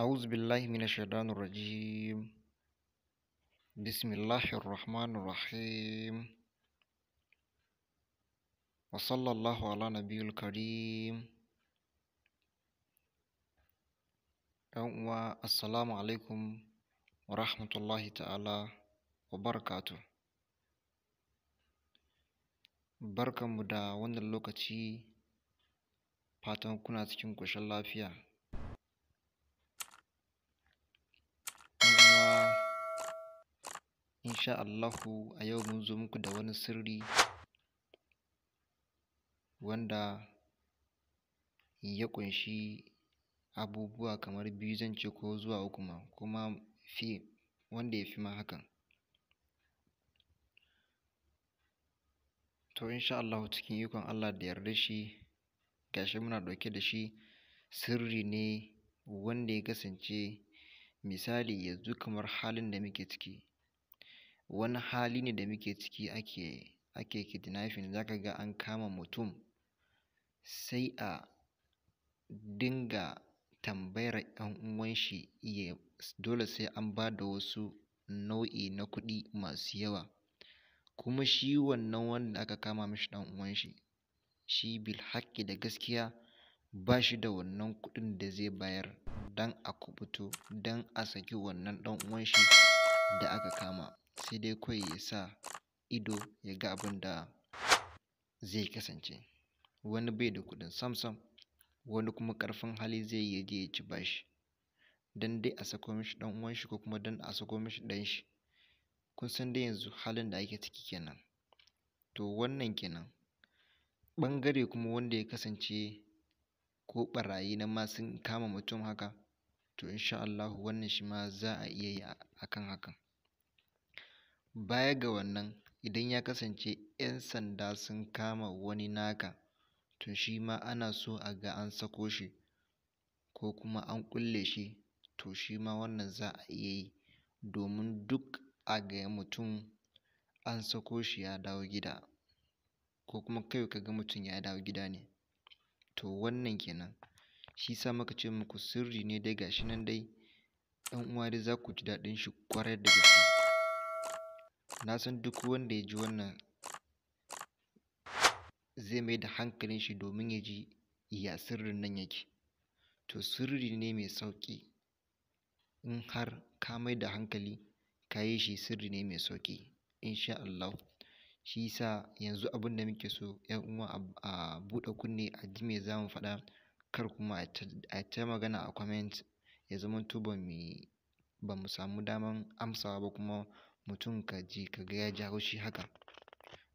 أعوذ بالله من الشيطان الرجيم بسم الله الرحمن الرحيم وصلى الله على نبي الكريم السلام عليكم ورحمة الله تعالى وبركاته barkanmu da wannan lokaci fatan kuna cikin ƙoshin lafiya insha Allahu a yau mun zo muku da wani sirri wanda ya ƙunshi abubuwa kamar biyu zan ce ko zuwa uku ma kuma fi wanda ya fi ma hakan to insha Allahu cikin ikon Allah da yarda shi gashi muna ɗauke da shi sirri ne wanda ya kasance misali yanzu kamar halin da muke ciki wani hali ne da muke ciki ake ake kidnapping za ka ga an kama mutum sai a dinga tambayar 'yan uwan shi ya dole sai an ba da wasu nau'i na kuɗi masu yawa kuma shi wannan wanda aka kama mishi ɗan uwan shi shi haƙƙi da gaskiya ba shi da wannan kuɗin da zai bayar don a kuɓuto don a saki wannan ɗan uwan shi da aka kama sai dai kawai ya sa ido ya ga abin da zai kasance wani bai da kuɗin sam wani kuma karfin hali zai yi ya je ya ci bashi don dai a sako mishi ɗan shi ko kuma don a sako mishi dan shi kun san dai yanzu halin da ake ciki kenan to wannan kenan ɓangare kuma wanda ya kasance ko ɓarayi na ma sun kama mutum haka to insha Allahu wannan shi ma za a iya yi a kan hakan Baya ga wannan, idan ya kasance 'yan sanda sun kama wani naka, to shi ma ana so a ga an sako shi, ko kuma an kulle shi, to shi ma wannan za a iya yi. Domin duk a ga mutum an sako shi ya dawo gida, ko kuma kai ka ga mutum ya dawo gida ne. To wannan kenan nan. Shi sa muka ce muku sirri ne dai ga shi nan dai. Ɗan uwa dai za ku ji daɗin shi ƙwarai da gaske. na san duk wanda ya ji wannan zai mai da hankalin shi domin ya ji ya sirrin nan yake to sirri ne mai sauƙi in har ka mai da hankali ka yi shi sirri ne mai sauƙi insha Allah shi sa yanzu abin da muke so 'yan uwa a buɗe kunne a ji me za mu faɗa kar kuma a ta magana a comment ya zama ba mu mu samu daman amsawa ba kuma mutum ka ji ka ga ya ji haushi haka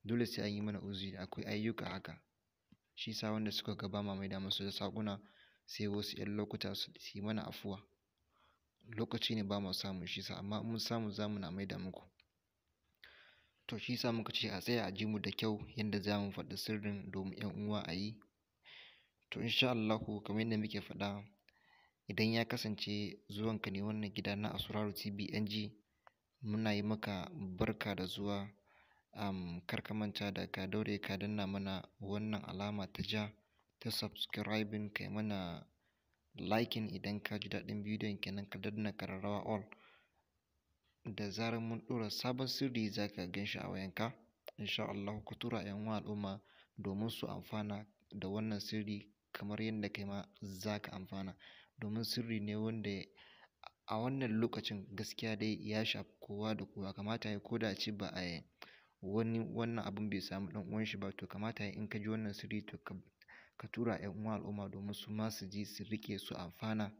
dole sai an yi mana uzuri akwai ayyuka haka shi sa wanda suka ga ba ma maida da saƙuna sai wasu 'yan lokuta su yi mana afuwa lokaci ne ba mu samu shi sa amma mun samu za mu na maida muku to shi sa muka ce a tsaya a ji mu da kyau yadda za mu faɗi sirrin domin 'yan uwa a yi to insha Allahu kamar yadda muke faɗa idan ya kasance zuwanka ne wannan gida na Asuraru TV NG muna yi maka barka da zuwa. Um, kar ka manta da ka daure ka danna mana wannan alama ta ja ta subscribing kai mana liking idan ka ji daɗin bidiyon kenan ka danna ƙararrawa all. Da zarar mun ɗora sabon sirri za ka gan shi a wayanka. Insha Allah ku tura 'yan al'umma domin su amfana da wannan sirri kamar yadda kai ma za ka amfana. Domin sirri ne wanda a wannan lokacin gaskiya dai ya shafi kowa da kowa kamata ya ko da ba a wani wannan abun bai samu dan uwan shi ba to kamata ya in ka ji wannan sirri to ka ka tura ƴan uwa al'umma domin su ma su ji su rike su amfana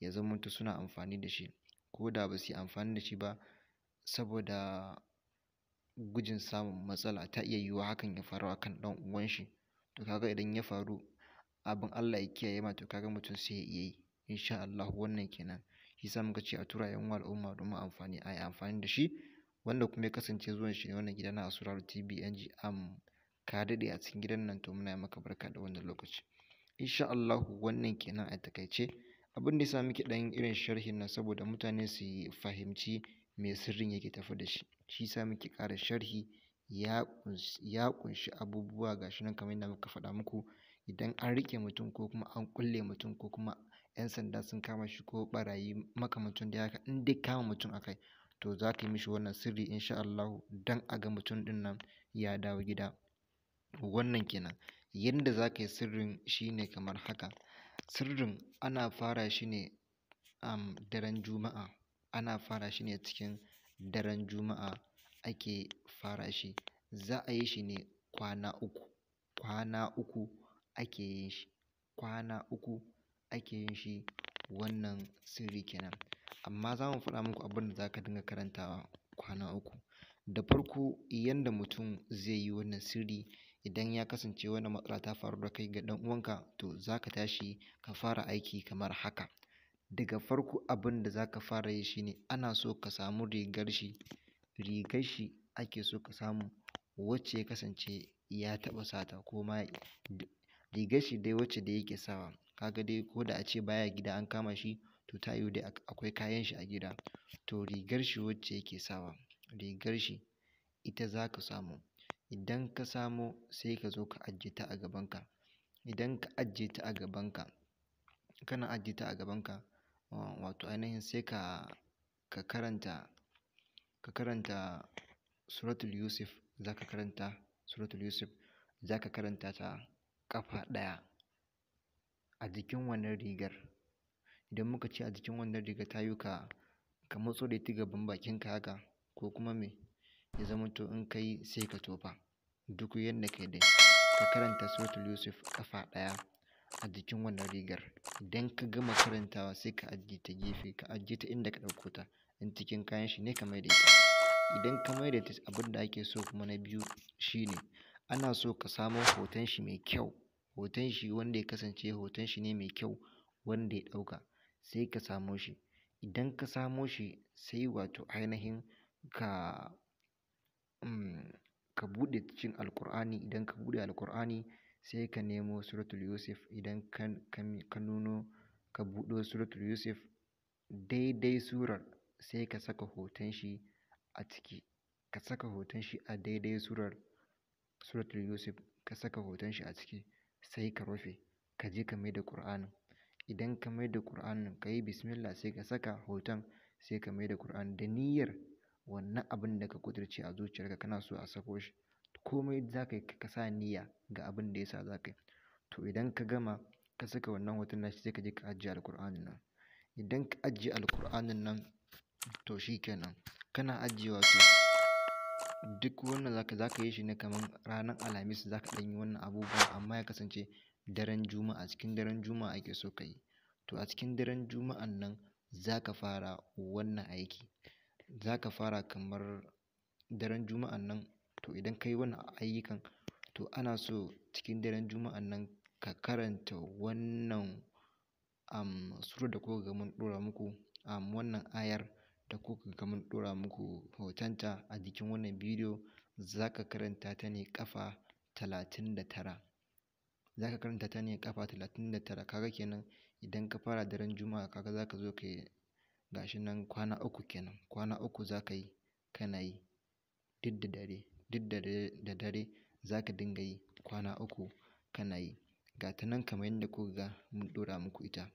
ya zamanto suna amfani da shi ko da ba su yi amfani da shi ba saboda gujin samun matsala ta iya yiwuwa hakan ya faru a kan ɗan uwanshi to kaga idan ya faru abin Allah ya kiyaye ma to ka mutum sai ya iya yi insha Allahu wannan kenan. shisa muka ce a tura yan al'umma domin amfani a yi amfani da shi wanda kuma ya kasance zuwan shi ne wannan gida na Asuraru TV am ka daɗe a cikin gidan nan to muna yi maka barka da wannan lokaci insha Allahu wannan kenan a takaice abin da yasa muke ɗan irin sharhin nan saboda mutane su fahimci me sirrin yake tafi da shi shi yasa muke ƙara sharhi ya ƙunshi abubuwa gashi nan kamar yadda muka faɗa muku idan an riƙe mutum ko kuma an kulle mutum ko kuma 'yan sanda sun kama shi ko ɓarayi makamancin da haka in dai kama mutum kai to za ka yi mishi wannan sirri insha Allah don a ga mutum ɗinnan nan ya dawo gida wannan kenan yadda za ka yi sirrin shine kamar haka sirrin ana fara shi ne um, daren juma'a ana fara shi ne cikin daren juma'a ake fara shi za a yi shi ne kwana uku kwana uku ake yin shi kwana uku ake yin shi wannan sirri kenan amma za mu faɗa muku abin da za ka dinga karantawa kwana uku da farko yanda mutum zai yi wannan sirri idan ya kasance wannan matsala ta faru da kai ga ɗan uwanka to za ka tashi ka fara aiki kamar haka daga farko abin da za ka fara yi shine ana so ka samu rigar shi rigar shi ake so ka samu wacce ya kasance ya taɓa sata ko ma rigar shi dai wacce da yake sawa kaga dai ko da a ace baya gida an kama shi to ta yiwu dai akwai kayan shi a gida to rigar shi wacce yake sawa rigar shi ita za ka samu idan ka samo sai ka zo ka ajiye ta a gabanka idan ka ajiye ta a gabanka kana ajiye ta a gabanka wato ainihin sai ka ka karanta ka karanta suratul yusuf zaka karanta suratul yusuf ka karanta ta kafa ɗaya a jikin wannan rigar idan muka ce a jikin wannan rigar ta yi ka ka matso da ita gaban ka haka ko kuma me ya zama to in ka yi sai ka tofa duk yadda kai dai ka karanta suratul yusuf ƙafa ɗaya a jikin wannan rigar idan ka gama karantawa sai ka ajiye ta gefe ka ajiye ta inda ka ɗauko ta in cikin kayan shi ne ka maida ita idan ka maida ta abin da ake so kuma na biyu shine ana so ka samo hoton shi mai kyau hoton shi wanda ya kasance hoton shi ne mai kyau wanda ya ɗauka sai ka samo shi idan ka samo shi sai wato ainihin ka um ka buɗe cikin alƙur'ani idan ka buɗe alƙur'ani sai ka nemo suratul yusuf idan ka ka nuno ka buɗo suratul yusuf daidai surar sai ka saka hoton shi a ciki ka saka hoton shi a daidai surar suratul yusuf ka saka hoton shi a ciki sai ka rufe ka je ka maida ƙur'anin Idan ka maida ƙur'anin ka yi bismillah sai ka saka hoton sai ka maida ƙur'an. da niyyar wannan abin da ka kudurce a zuciyarka kana so a sako shi. Komai za ka yi ka sa niyya ga abin da ya sa za ka yi. To idan ka gama ka saka wannan hoton nashi sai ka je ka ajiye alƙur'anin nan. Idan ka ajiye Alkur'anin nan to shikenan Kana ajiyewa to. duk wannan zaka zaka yi shi ne kaman ranar alhamis zaka ɗan yi wannan abubuwan amma ya kasance daren juma'a cikin daren juma'a ake so ka yi to a cikin daren juma'an nan zaka fara wannan aiki zaka fara kamar daren juma'an nan to idan ka yi wannan ayyukan to ana so cikin daren juma'an nan ka karanta wannan um surar da kuka ga mun ɗora muku um wannan ayar da ko ka ga mun ɗora muku hotonta a jikin wannan bidiyo za ka karanta ta ne ƙafa talatin da tara za ka karanta ta ne ƙafa talatin kaga kenan idan ka fara daren juma'a kaga za ka zo ka yi gashi nan kwana uku kenan kwana uku za ka yi kana yi duk da dare duk da dare za ka dinga yi kwana uku kana yi ga ta nan kamar yadda kuka ga mun ɗora muku ita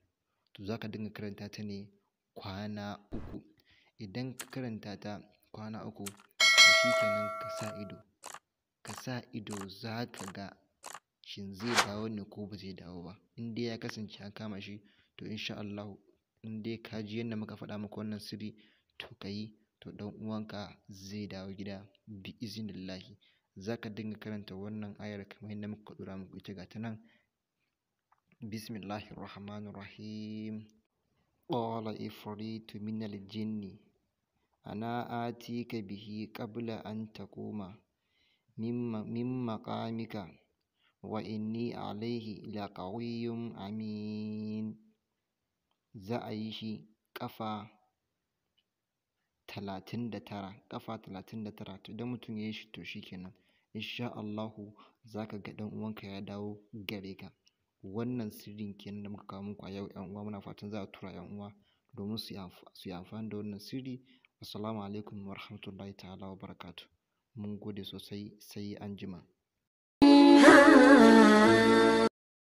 to za ka dinga karanta ta ne kwana uku Idan ka karanta ta kwana uku, to shi kenan ka sa ido. Ka sa ido za ka ga shin zai dawo ne ko ba zai dawo ba. In dai ya kasance an kama shi to insha Allah in dai ka ji yadda muka faɗa maka wannan sirri to ka yi to dan uwanka zai dawo gida bi iznillahi. Za ka dinga karanta wannan ayar kamar yadda muka ɗora muku ita ga ta nan. Bismillahirrahmanirrahim. Qala ifritu minal jinni ana ka bihi kabla an koma min maqamika wa inni alaihi laqawiyyun amin za a yi shi ƙafa talatin da tara ƙafa to idan mutum ya yi shi to shi kenan insha Allah za ka ga ɗan uwanka ya dawo gare ka wannan sirrin kenan da muka kawo muku a yau ƴan uwa muna fatan za a tura ƴan uwa domin su yi amfani da wannan sirri Assalamu alaikum wa rahmatullahi ta'ala wa barakatu. Mun gode sosai sai an jima.